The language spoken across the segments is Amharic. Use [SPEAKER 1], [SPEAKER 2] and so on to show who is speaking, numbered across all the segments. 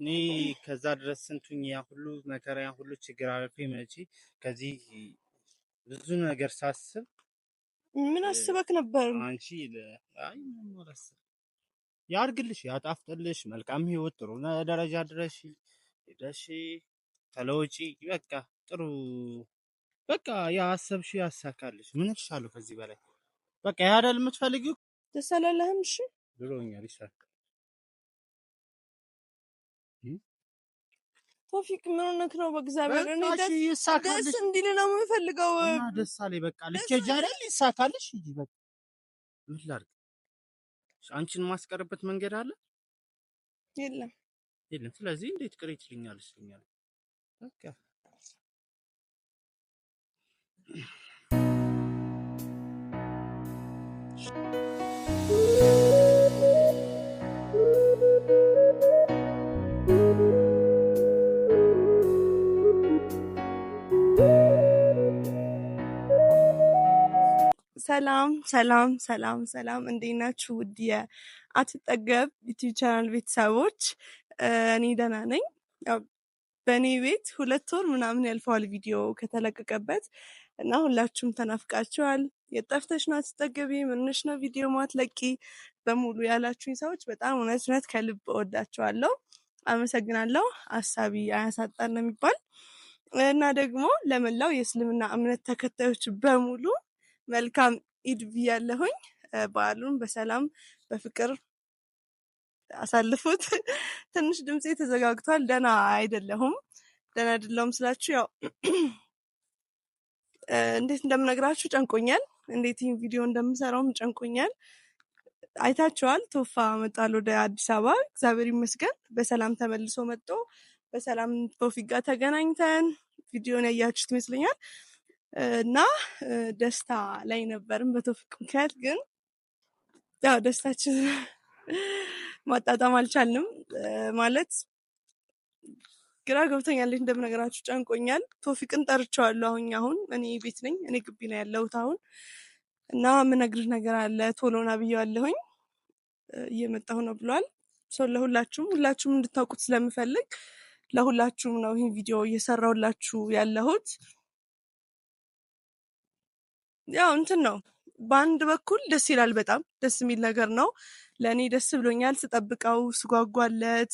[SPEAKER 1] እኔ ከዛ ድረስ ስንቱኝ ያ ሁሉ መከራ ያ ሁሉ ችግር አልፌ መቼ ከዚህ ብዙ ነገር ሳስብ
[SPEAKER 2] ምን አስበክ ነበር?
[SPEAKER 1] አንቺ አይ ያርግልሽ፣ ያጣፍጥልሽ፣ መልካም ህይወት፣ ጥሩ ደረጃ ድረሽ ሄደሽ ተለውጪ። በቃ ጥሩ በቃ ያሰብሽ ያሳካልሽ። ምን እልሻለሁ ከዚህ በላይ በቃ ያዳል የምትፈልጊው
[SPEAKER 2] ደስ አላለህም? እሺ
[SPEAKER 1] ብሎኛል፣ ይሳካል
[SPEAKER 2] ቶፊክ ምን ሆነህ ነው? በእግዚአብሔር ደስ እንዲል ነው የምፈልገው።
[SPEAKER 1] ደስ አለኝ። በቃ ልኬጃ አይደል ይሳካልሽ እንጂ በቃ ምን ላድርግ? አንቺን ማስቀርበት መንገድ አለ የለም? የለም። ስለዚህ እንዴት ቅር ይችልኛል ይችልኛል። በቃ Thank you.
[SPEAKER 2] ሰላም ሰላም ሰላም ሰላም፣ እንዴት ናችሁ? ውድ የአትጠገብ ዩቲዩብ ቻናል ቤተሰቦች፣ እኔ ደህና ነኝ። በእኔ ቤት ሁለት ወር ምናምን ያልፈዋል ቪዲዮ ከተለቀቀበት እና ሁላችሁም ተናፍቃችኋል። የጠፍተሽ ነው አትጠገቢ፣ ምንሽ ነው ቪዲዮ ማትለቂ በሙሉ ያላችሁኝ ሰዎች በጣም እውነት እውነት ከልብ እወዳችኋለሁ። አመሰግናለሁ። አሳቢ አያሳጣን ነው የሚባል እና ደግሞ ለመላው የእስልምና እምነት ተከታዮች በሙሉ መልካም ኢድ ብያለሁኝ። በዓሉን በሰላም በፍቅር አሳልፉት። ትንሽ ድምፄ ተዘጋግቷል። ደህና አይደለሁም። ደህና አይደለሁም ስላችሁ ያው እንዴት እንደምነግራችሁ ጨንቆኛል። እንዴት ይህን ቪዲዮ እንደምሰራውም ጨንቆኛል። አይታችኋል። ቶፋ መጣል ወደ አዲስ አበባ እግዚአብሔር ይመስገን በሰላም ተመልሶ መጥቶ በሰላም ቶፊክ ጋር ተገናኝተን ቪዲዮን ያያችሁት ይመስለኛል። እና ደስታ ላይ ነበርም በቶፊቅ ምክንያት ግን ያው ደስታችን ማጣጣም አልቻልንም። ማለት ግራ ገብቶኛል፣ እንደምነገራችሁ ጨንቆኛል። ቶፊቅን ጠርቸዋለሁ። አሁኝ አሁን እኔ ቤት ነኝ፣ እኔ ግቢ ነው ያለሁት አሁን እና ምነግርህ ነገር አለ ቶሎና ብያዋለሁኝ እየመጣሁ ነው ብሏል። ሰው ለሁላችሁም ሁላችሁም እንድታውቁት ስለምፈልግ ለሁላችሁም ነው ይህን ቪዲዮ እየሰራሁላችሁ ያለሁት። ያው እንትን ነው። በአንድ በኩል ደስ ይላል። በጣም ደስ የሚል ነገር ነው። ለእኔ ደስ ብሎኛል። ስጠብቀው ስጓጓለት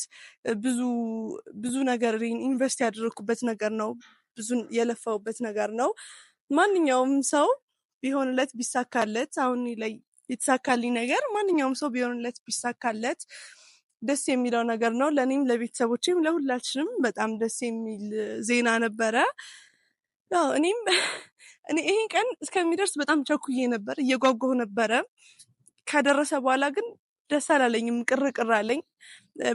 [SPEAKER 2] ብዙ ብዙ ነገር ኢንቨስት ያደረግኩበት ነገር ነው። ብዙ የለፋውበት ነገር ነው። ማንኛውም ሰው ቢሆንለት ቢሳካለት፣ አሁን ላይ የተሳካልኝ ነገር ማንኛውም ሰው ቢሆንለት ቢሳካለት ደስ የሚለው ነገር ነው። ለእኔም ለቤተሰቦችም ለሁላችንም በጣም ደስ የሚል ዜና ነበረ። እኔም እኔ ይህን ቀን እስከሚደርስ በጣም ቸኩዬ ነበር፣ እየጓጓሁ ነበረ። ከደረሰ በኋላ ግን ደስ አላለኝም፣ ቅር ቅር አለኝ።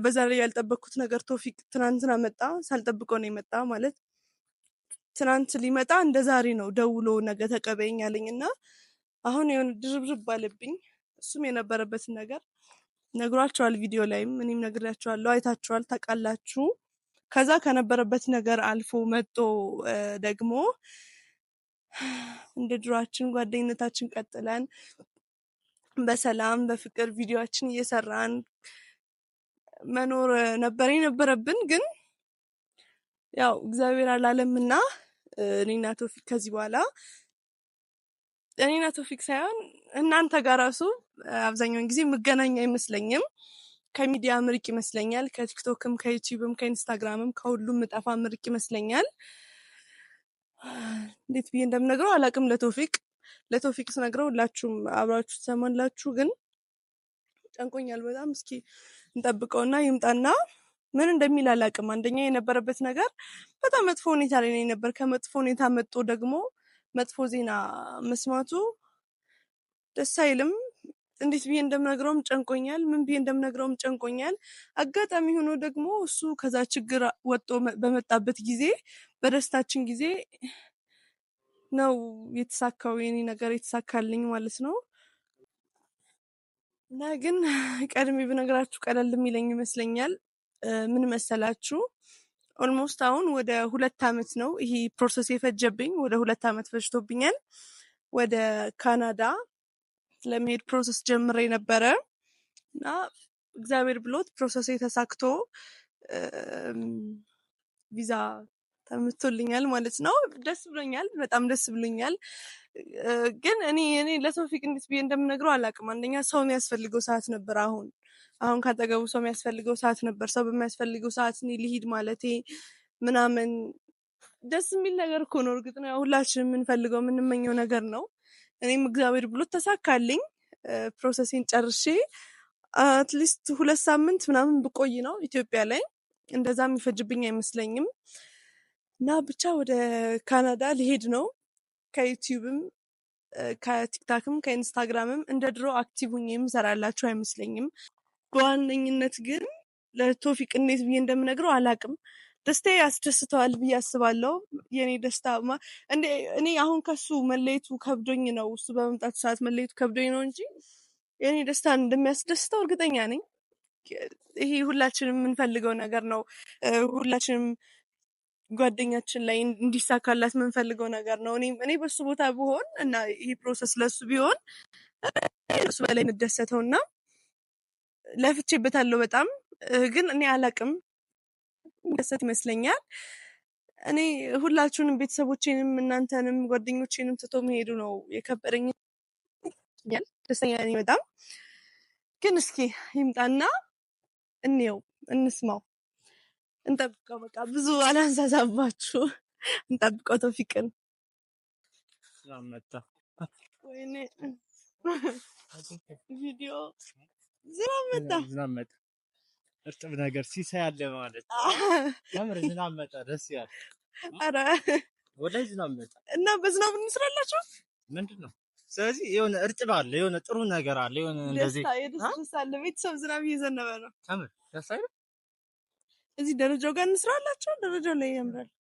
[SPEAKER 2] በዛ ላይ ያልጠበቅኩት ነገር ቶፊቅ ትናንትና መጣ። ሳልጠብቀው ነው የመጣ ማለት ትናንት ሊመጣ እንደ ዛሬ ነው ደውሎ ነገ ተቀበኝ አለኝ እና አሁን የሆነ ድርብርብ አለብኝ። እሱም የነበረበትን ነገር ነግሯቸዋል። ቪዲዮ ላይም እኔም ነግሬያቸዋለሁ። አይታችኋል፣ ታውቃላችሁ። ከዛ ከነበረበት ነገር አልፎ መጦ ደግሞ እንደ ድሯችን ጓደኝነታችን ቀጥለን በሰላም በፍቅር ቪዲዮችን እየሰራን መኖር ነበር የነበረብን። ግን ያው እግዚአብሔር አላለምና እኔና ቶፊክ ከዚህ በኋላ እኔና ቶፊክ ሳይሆን እናንተ ጋር ራሱ አብዛኛውን ጊዜ ምገናኝ አይመስለኝም። ከሚዲያ ምርቅ ይመስለኛል። ከቲክቶክም ከዩቲዩብም ከኢንስታግራምም ከሁሉም እጠፋ ምርቅ ይመስለኛል። እንዴት ብዬ እንደምነግረው አላቅም። ለቶፊቅ ለቶፊቅ ስነግረው ሁላችሁም አብራችሁ ትሰማላችሁ፣ ግን ጨንቆኛል በጣም። እስኪ እንጠብቀውና ይምጣና ምን እንደሚል አላቅም። አንደኛ የነበረበት ነገር በጣም መጥፎ ሁኔታ ላይ ነው የነበር። ከመጥፎ ሁኔታ መጥቶ ደግሞ መጥፎ ዜና መስማቱ ደስ አይልም። እንዴት ብዬ እንደምነግረውም ጨንቆኛል። ምን ብዬ እንደምነግረውም ጨንቆኛል። አጋጣሚ ሆኖ ደግሞ እሱ ከዛ ችግር ወጥቶ በመጣበት ጊዜ በደስታችን ጊዜ ነው የተሳካው የኔ ነገር የተሳካልኝ ማለት ነው። እና ግን ቀድሜ ብነግራችሁ ቀለል የሚለኝ ይመስለኛል። ምን መሰላችሁ ኦልሞስት አሁን ወደ ሁለት አመት ነው ይሄ ፕሮሰስ የፈጀብኝ። ወደ ሁለት አመት ፈጅቶብኛል። ወደ ካናዳ ለመሄድ ፕሮሰስ ጀምሬ ነበረ እና እግዚአብሔር ብሎት ፕሮሰሴ ተሳክቶ ቪዛ ተምቶልኛል ማለት ነው። ደስ ብሎኛል፣ በጣም ደስ ብሎኛል። ግን እኔ እኔ ለቶፊቅ እንዴት ብዬ እንደምነግረው አላውቅም። አንደኛ ሰው የሚያስፈልገው ሰዓት ነበር። አሁን አሁን ካጠገቡ ሰው የሚያስፈልገው ሰዓት ነበር። ሰው በሚያስፈልገው ሰዓት እኔ ልሂድ ማለቴ ምናምን ደስ የሚል ነገር እኮ ነው። እርግጥ ነው ሁላችን የምንፈልገው የምንመኘው ነገር ነው። እኔም እግዚአብሔር ብሎ ተሳካልኝ። ፕሮሰሲን ጨርሼ አትሊስት ሁለት ሳምንት ምናምን ብቆይ ነው ኢትዮጵያ ላይ። እንደዛ የሚፈጅብኝ አይመስለኝም። እና ብቻ ወደ ካናዳ ሊሄድ ነው። ከዩቲዩብም ከቲክታክም ከኢንስታግራምም እንደ ድሮ አክቲቭ ሁኝ የምሰራላችሁ አይመስለኝም። በዋነኝነት ግን ለቶፊቅ እንዴት ብዬ እንደምነግረው አላቅም። ደስታ ያስደስተዋል ብዬ አስባለሁ። የእኔ ደስታ እኔ አሁን ከሱ መለየቱ ከብዶኝ ነው፣ እሱ በመምጣቱ ሰዓት መለየቱ ከብዶኝ ነው እንጂ የእኔ ደስታ እንደሚያስደስተው እርግጠኛ ነኝ። ይሄ ሁላችንም የምንፈልገው ነገር ነው። ሁላችንም ጓደኛችን ላይ እንዲሳካላት የምንፈልገው ነገር ነው። እኔ በሱ ቦታ ብሆን እና ይሄ ፕሮሰስ ለሱ ቢሆን እሱ በላይ የምደሰተው እና ለፍቼበታለሁ በጣም ግን እኔ አላቅም ደሰት ይመስለኛል። እኔ ሁላችሁንም ቤተሰቦቼንም እናንተንም ጓደኞቼንም ትቶ መሄዱ ነው የከበረኝ። ደስተኛ ነኝ በጣም ግን እስኪ ይምጣና እንየው፣ እንስማው፣ እንጠብቀው። በቃ ብዙ አላንሳሳባችሁ፣ እንጠብቀው ቶፊቅን። ወይኔ ቪዲዮ ዝናብ መጣ፣
[SPEAKER 1] ዝናብ መጣ። እርጥብ ነገር ሲሳይ አለ ማለት ከምር ዝናብ መጣ፣ ደስ ያለ አረ ወላሂ ዝናብ መጣ
[SPEAKER 2] እና በዝናብ እንስራላችሁ
[SPEAKER 1] ምንድን ነው። ስለዚህ የሆነ እርጥብ አለ፣ የሆነ ጥሩ ነገር አለ፣ የሆነ
[SPEAKER 2] እንደዚህ አለ። ቤተሰብ ዝናብ እየዘነበ ነው።
[SPEAKER 1] ከምር ደስ አይልም።
[SPEAKER 2] እዚህ ደረጃው ጋር እንስራላችሁ። ደረጃው ላይ ያምራል።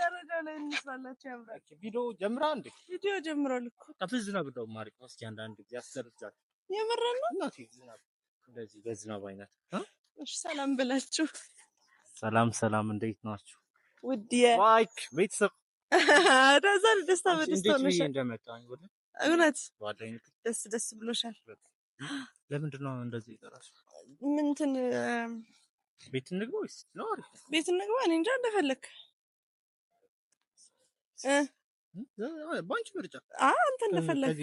[SPEAKER 2] ደረጃው ላይ እንስራላችሁ ያምራል።
[SPEAKER 1] ቪዲዮ ጀምራ እንዴ?
[SPEAKER 2] ቪዲዮ ጀምሯል እኮ
[SPEAKER 1] ከፍዝ ዝናብ ደው ማሪቆ እስኪ አንዳንድ ጊዜ አሰርቻለሁ የምረና እናቴ ዝናብ እንደዚህ በዝናብ አይነት
[SPEAKER 2] እሺ። ሰላም ብላችሁ።
[SPEAKER 1] ሰላም ሰላም፣ እንዴት ናችሁ? ውድ የማይክ ቤተሰብ
[SPEAKER 2] ደስታ በደስታ እውነት ደስ ደስ ብሎሻል።
[SPEAKER 1] ለምንድን ነው እንደዚህ ይጠራሽ? ምንትን ቤት እንግባ ወይስ
[SPEAKER 2] ቤት እንግባ። እኔ እንጃ እንደፈለክ በአንቺ ምርጫ አንተ እንደፈለግ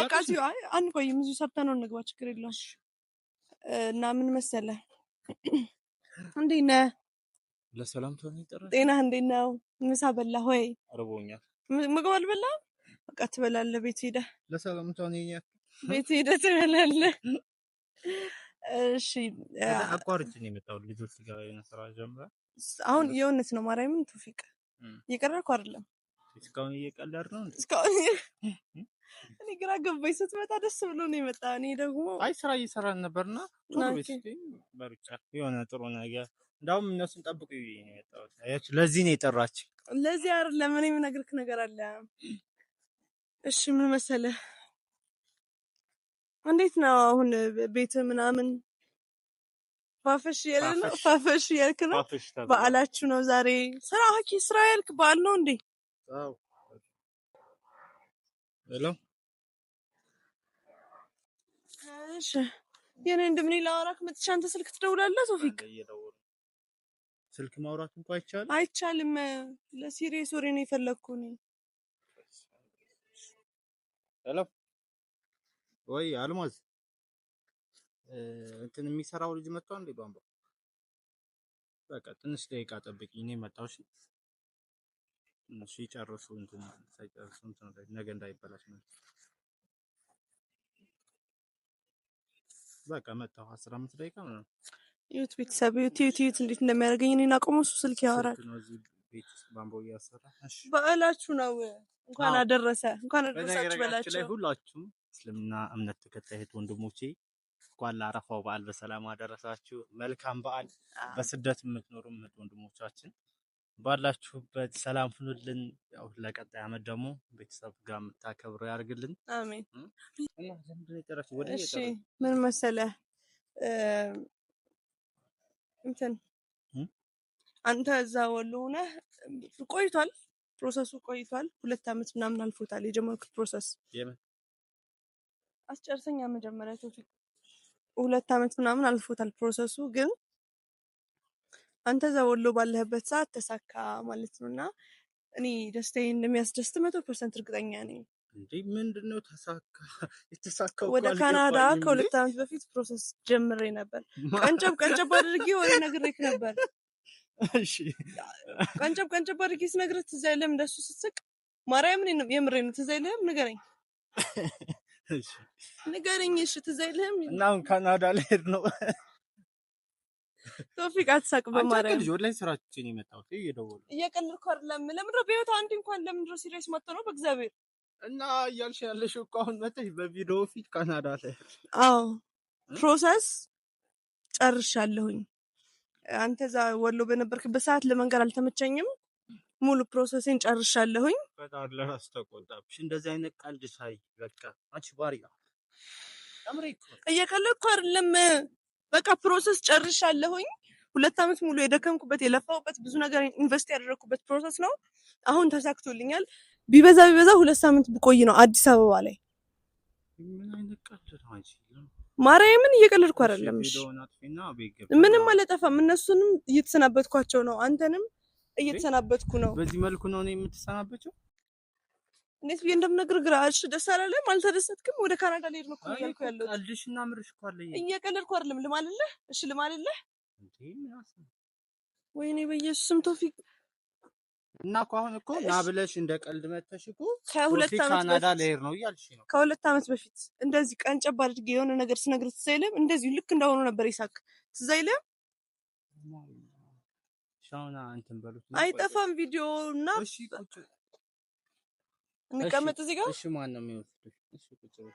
[SPEAKER 2] በቃ እዚሁ አንቆይም፣ እዚሁ እንግባ፣ ችግር የለውም። እና ምን መሰለ እንዴት ነህ? ለሰላም እንዴት ነው? ምሳ በላህ ወይ? ርቦኛል። ምግብ በቃ ትበላለህ፣ ቤት ለሰላም ቤት ትበላለህ። እሺ
[SPEAKER 1] ነው ልጆች ጋር የሆነ ስራ ጀምረህ
[SPEAKER 2] አሁን የእውነት ነው ማርያምን ቱፊቅ እየቀረኩ አይደለም
[SPEAKER 1] እስካሁን እየቀለድ ነው።
[SPEAKER 2] እስካሁን እኔ ግራ ገባኝ። ስትመጣ ደስ ብሎ ነው የመጣ። እኔ ደግሞ
[SPEAKER 1] አይ ስራ እየሰራን ነበርና በሩጫ የሆነ ጥሩ ነገር እንዳውም እነሱን ጠብቁ የመጣሁት ለዚህ ነው የጠራች።
[SPEAKER 2] ለዚህ አር ለምን የምነግርክ ነገር አለ። እሺ ምን መሰለ፣ እንዴት ነው አሁን ቤት ምናምን ፋፈሽ የለ ነው ፋፈሽ ያልክ ነው። በዓላችሁ ነው ዛሬ። ስራ ሀኪ ስራ ያልክ በዓል ነው እንዴ? ሄሎ እሺ፣ የኔ እንደምን ላወራክ መጥቼ አንተ ስልክ ትደውላለህ። ቶፊክ
[SPEAKER 1] ስልክ ማውራት እንኳን አይቻልም፣
[SPEAKER 2] አይቻልም። ለሲሪየስ ወሬ ነው የፈለግኩህ እኔ።
[SPEAKER 1] ሄሎ ወይ አልማዝ እንትን የሚሰራው ልጅ መጥቷል እንዴ? ባምባ በቃ ትንሽ ደቂቃ ጠብቂኝ፣ እኔ መጣሁ። እሺ ሲጨርሱ ይጨርሱ እንትን ሳይጨርሱ እንትን ነገ እንዳይበላሽ ነው። በቃ መጣሁ አስራ አምስት ደቂቃ ምናምን።
[SPEAKER 2] ይሁት ቤተሰብ ይሁት ይሁት ይሁት እንዴት እንደሚያደርገኝ እኔን አቆሞ እሱ ስልክ ያወራል። በዓላችሁ ነው እንኳን አደረሰ እንኳን አደረሳችሁ
[SPEAKER 1] በላችሁ ላይ ሁላችሁም እስልምና እምነት ተከታይት ወንድሞቼ እንኳን ለአረፋው በዓል በሰላም አደረሳችሁ። መልካም በዓል። በስደት የምትኖሩ ምት ወንድሞቻችን ባላችሁበት ሰላም ሁኑልን። ያው ለቀጣይ አመት ደግሞ ቤተሰብ ጋር የምታከብሩ ያደርግልን
[SPEAKER 2] አሜን። ምን መሰለ እንትን አንተ እዛ ወሎ ሆነህ ቆይቷል፣ ፕሮሰሱ ቆይቷል። ሁለት አመት ምናምን አልፎታል የጀመርኩት ፕሮሰስ። አስጨርሰኛ መጀመሪያ ሁለት አመት ምናምን አልፎታል ፕሮሰሱ ግን አንተ እዛ ወሎ ባለህበት ሰዓት ተሳካ ማለት ነው። እና እኔ ደስታዬን እንደሚያስደስት መቶ ፐርሰንት እርግጠኛ ነኝ።
[SPEAKER 1] እንዴ ምንድን ነው ተሳካ? የተሳካው
[SPEAKER 2] ወደ ካናዳ ከሁለት ዓመት በፊት ፕሮሰስ ጀምሬ ነበር። ቀንጨብ ቀንጨብ አድርጌ ወደ ነግሬክ ነበር። ቀንጨብ ቀንጨብ አድርጌ ስነግርህ ትዝ አይልህም? እንደሱ ስትስቅ ማርያምን የምሬ ነው። ትዝ አይልህም? ንገረኝ ንገረኝ። እሺ ትዝ አይልህም?
[SPEAKER 1] እና አሁን ካናዳ ልሄድ ነው
[SPEAKER 2] ቶፊቅ አትሳቅ።
[SPEAKER 1] በማርያም ልጅ ወደ ላይ ስራችን የመጣው እየደወሉ
[SPEAKER 2] እየቀለድኩ አይደለም። ለምድረ በህይወት አንድ እንኳን ለምድረ ሲሪየስ መጥቶ ነው በእግዚአብሔር
[SPEAKER 1] እና እያልሽ ያለሽ እኮ አሁን መተሽ በቪዲዮ ፊት ካናዳ ላይ
[SPEAKER 2] አዎ፣ ፕሮሰስ ጨርሻለሁኝ። አንተ እዛ ወሎ በነበርክበት ሰዓት ለመንገድ አልተመቸኝም። ሙሉ ፕሮሰሴን ጨርሻለሁኝ።
[SPEAKER 1] በጣም ለራስ ተቆጣብሽ። እንደዚህ አይነት ቀልድ ሳይ በቃ አንቺ ባሪያ
[SPEAKER 2] እየቀለድኩ አይደለም በቃ ፕሮሰስ ጨርሻለሁኝ። ሁለት አመት ሙሉ የደከምኩበት የለፋሁበት ብዙ ነገር ኢንቨስት ያደረግኩበት ፕሮሰስ ነው። አሁን ተሳክቶልኛል። ቢበዛ ቢበዛ ሁለት ሳምንት ብቆይ ነው አዲስ አበባ ላይ። ማርያምን እየቀለድኩ አይደለም። ምንም አለጠፋም። እነሱንም እየተሰናበትኳቸው ነው። አንተንም እየተሰናበትኩ ነው።
[SPEAKER 1] በዚህ መልኩ ነው የምትሰናበቸው
[SPEAKER 2] እንዴት ብዬ እንደምነግር ግራ። እሺ ደስ አላለህም? አልተደሰትክም? ወደ ካናዳ ልሄድ ነው
[SPEAKER 1] እኮ እያልኩ ያለው ቀልድሽና ምርሽ እኮ አለ።
[SPEAKER 2] እየቀለድኩ አይደለም። ልማልልህ? እሺ ልማልልህ? ወይኔ በኢየሱስም ቶፊቅ
[SPEAKER 1] እና እኮ አሁን እኮ ና ብለሽ እንደ ቀልድ መተሽ እኮ ከሁለት ካናዳ ልሄድ ነው እያልሽ
[SPEAKER 2] ነው። ከሁለት ዓመት በፊት እንደዚህ ቀን ጨባ አድርጌ የሆነ ነገር ስነግርህ ትዝ አይልም? እንደዚሁ ልክ እንደሆነ ነበር። ይሳክ ትዝ አይልም? አይጠፋም ቪዲዮ እና እንቀመጥ እዚህ ጋር።
[SPEAKER 1] እሺ፣ ማን ነው የሚወስድሽ? እሺ፣ ቁጭ በይ።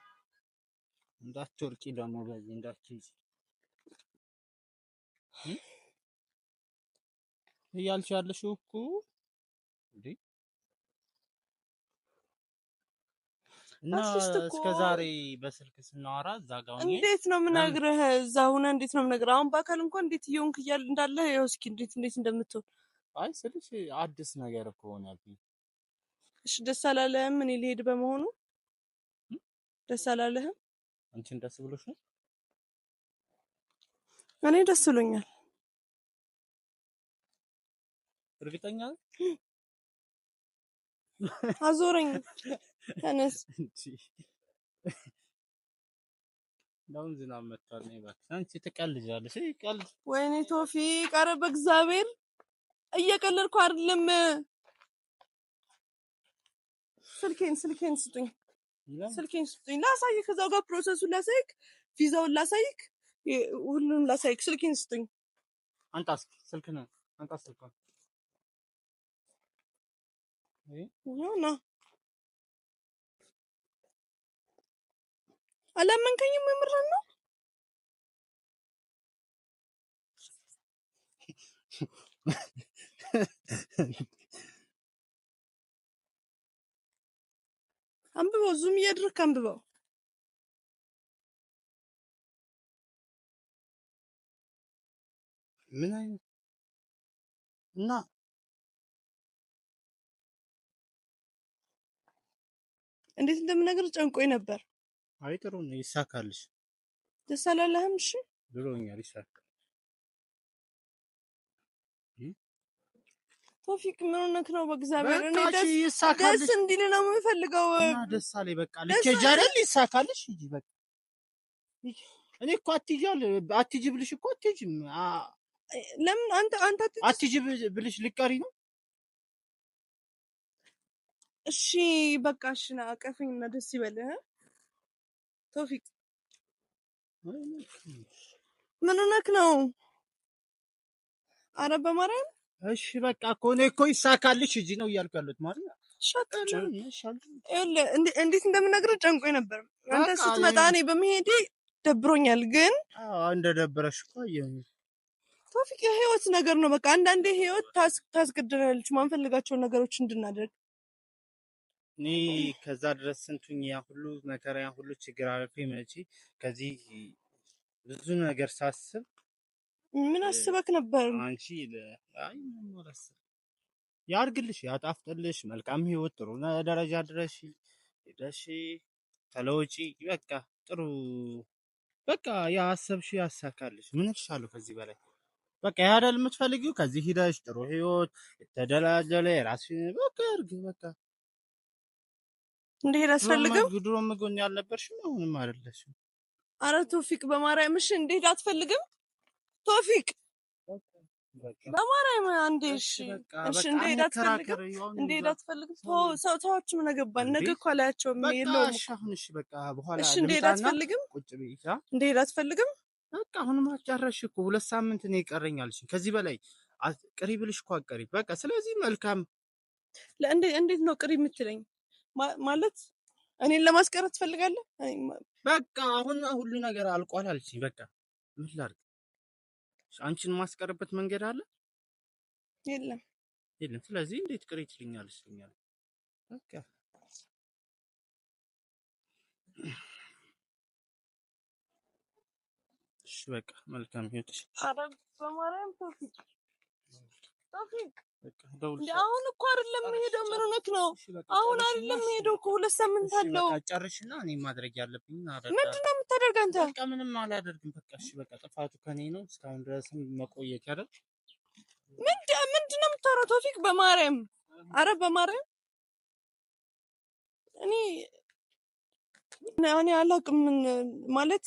[SPEAKER 1] እንዳትወርቂ ደግሞ በዚህ እንዳትይዝ እያልሽ ያለሽው እኮ እንዴ። እና እስከ ዛሬ በስልክ ስናወራ እዛ ጋር
[SPEAKER 2] እንዴት ነው የምነግርህ? እዛ ሆነ እንዴት ነው የምነግርህ? አሁን በአካል እንኳን እንዴት እየሆንክ እያለ እንዳለ ያው እስኪ እንዴት እንዴት እንደምትሆን
[SPEAKER 1] አይ ስልሽ አዲስ ነገር ከሆነ
[SPEAKER 2] እሺ ደስ አላለህም? እኔ ልሄድ በመሆኑ ደስ አላለህም?
[SPEAKER 1] አንቺን ደስ ብሎሽ ነው?
[SPEAKER 2] እኔ ደስ ብሎኛል። እርግጠኛ አዞረኝ። ተነስ።
[SPEAKER 1] ለምን ዝናብ መጥቷል? ነው ባክ አንቺ ትቀልጃለሽ። ይቀልድ።
[SPEAKER 2] ወይኔ ቶፊ ቀረ። በእግዚአብሔር እየቀለድኩ አይደለም። ስልኬን ስልኬን ስጡኝ ስልኬን ስጡኝ ላሳይክ፣ እዛው ጋር ፕሮሰሱን ላሳይክ፣ ቪዛውን ላሳይክ፣ ሁሉንም ላሳይክ። ስልኬን ስጡኝ።
[SPEAKER 1] አንጣ ስልክህን አንጣ ስልክህን
[SPEAKER 2] ና አላመንከኝም። የምርን ነው አንብበው፣ ዙም እያደረክ አንብበው።
[SPEAKER 1] ምን አይነት እና
[SPEAKER 2] እንዴት እንደምነግር ጨንቆኝ ነበር።
[SPEAKER 1] አይ ጥሩ ነው፣ ይሳካልሽ።
[SPEAKER 2] ደስ አላለህም? እሺ
[SPEAKER 1] ብሎኛል፣ ይሳካል።
[SPEAKER 2] ቶፊክ ምን ሆነህ ነው? በእግዚአብሔር እኔ ደስ ደስ እንዲል ነው የምፈልገው።
[SPEAKER 1] ደስ አለኝ። በቃ ልኬጅ አይደል ይሳካልሽ። ሂጂ በቃ እኔ እኮ አትይዣል አትጂ ብልሽ እኮ አትይጂም።
[SPEAKER 2] ለምን አንተ አንተ
[SPEAKER 1] አትጂ ብልሽ ልቀሪ ነው?
[SPEAKER 2] እሺ በቃ እሺ፣ ና አቀፈኝ እና ደስ ይበልህ ቶፊክ። ምን ሆነህ ነው? አረ በማርያም
[SPEAKER 1] እሺ በቃ እኮ እኔ እኮ ይሳካልሽ እጂ ነው እያልኩ ያሉት ማለት
[SPEAKER 2] እንዴት እንደምነግርህ ጨንቆ ነበር። አንተ ስትመጣ እኔ በመሄዴ ደብሮኛል። ግን
[SPEAKER 1] እንደ እኮ
[SPEAKER 2] ቶፊቅ የህይወት ነገር ነው። በቃ አንዳንዴ ህይወት ታስገድናለች ማንፈልጋቸውን ነገሮች እንድናደርግ።
[SPEAKER 1] እኔ ከዛ ድረስ ስንቱኝ ያ ሁሉ መከራ ያ ሁሉ ችግር አልፌ መቼ ከዚህ ብዙ ነገር ሳስብ
[SPEAKER 2] ምን አስበክ ነበር
[SPEAKER 1] አንቺ? አይ ያርግልሽ፣ ያጣፍጥልሽ፣ መልካም ህይወት፣ ጥሩ ደረጃ ድረሽ ደሽ ተለውጪ። በቃ ጥሩ በቃ ያሰብሽ ያሳካልሽ። ምን እልሻለሁ ከዚህ በላይ በቃ ያ አይደል የምትፈልጊው ከዚህ ሂደሽ ጥሩ ህይወት የተደላደለ የራስሽን በቃ ያርግ። በቃ
[SPEAKER 2] እንደሄድ አስፈልግም።
[SPEAKER 1] ድሮ ምጎን ያልነበርሽም አሁንም አይደለሽም።
[SPEAKER 2] አረ ቶፊቅ በማርያምሽ እንደሄድ አትፈልግም ቶፊቅ በማርያም አንዴ እሺ፣ እሺ፣ እንደሄደ አትፈልግም፣ እንደሄደ አትፈልግም። ሰው ሰዎች ምን አገባን? ነገ እኮ አላያቸውም።
[SPEAKER 1] የለውም እሺ፣ አሁን እሺ፣ በቃ
[SPEAKER 2] በኋላ እሺ፣ እንደሄደ አትፈልግም፣ እንደሄደ አትፈልግም።
[SPEAKER 1] በቃ አሁንም አልጨረስሽ እኮ ሁለት ሳምንት ነው የቀረኝ አልሽኝ። ከዚህ በላይ ቅሪ ብልሽ እኮ አትቀሪም። በቃ ስለዚህ መልካም
[SPEAKER 2] እንዴት ነው ቅሪ የምትለኝ? ማለት እኔን ለማስቀረት ትፈልጋለህ?
[SPEAKER 1] በቃ አሁን ሁሉ ነገር አልቋል አልሽኝ። በቃ ምን ላድርግ? አንቺን የማስቀርበት መንገድ አለ? የለም የለም። ስለዚህ እንዴት ቅሬ ልኛል ስልኛል በቃ እሺ፣ በቃ መልካም ህይወት።
[SPEAKER 2] አረ በማርያም ቶፊቅ ቶፊቅ አሁን እኮ አይደለም ሄደው፣ ምን ሆነክ ነው? አሁን አይደለም ሄደው እኮ ሁለት ሳምንት
[SPEAKER 1] አለው። ጨርሽና እኔ ማድረግ ያለብኝ
[SPEAKER 2] ምንድን ነው የምታደርግ አንተ? በቃ
[SPEAKER 1] ምንም አላደርግም። በቃ እሺ፣ በቃ ጥፋቱ ከኔ ነው። እስካሁን ድረስም መቆየት ያደርግ
[SPEAKER 2] ምንድን ነው የምታወራው? ቶፊክ በማርያም አረ፣ በማርያም እኔ እኔ አላቅም ማለት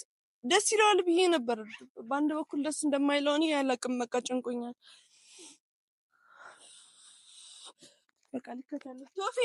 [SPEAKER 2] ደስ ይለዋል ብዬ ነበር። በአንድ በኩል ደስ እንደማይለው እኔ አላቅም። በቃ ጨንቆኛል። በቃ ልከታለሁ ቶፊ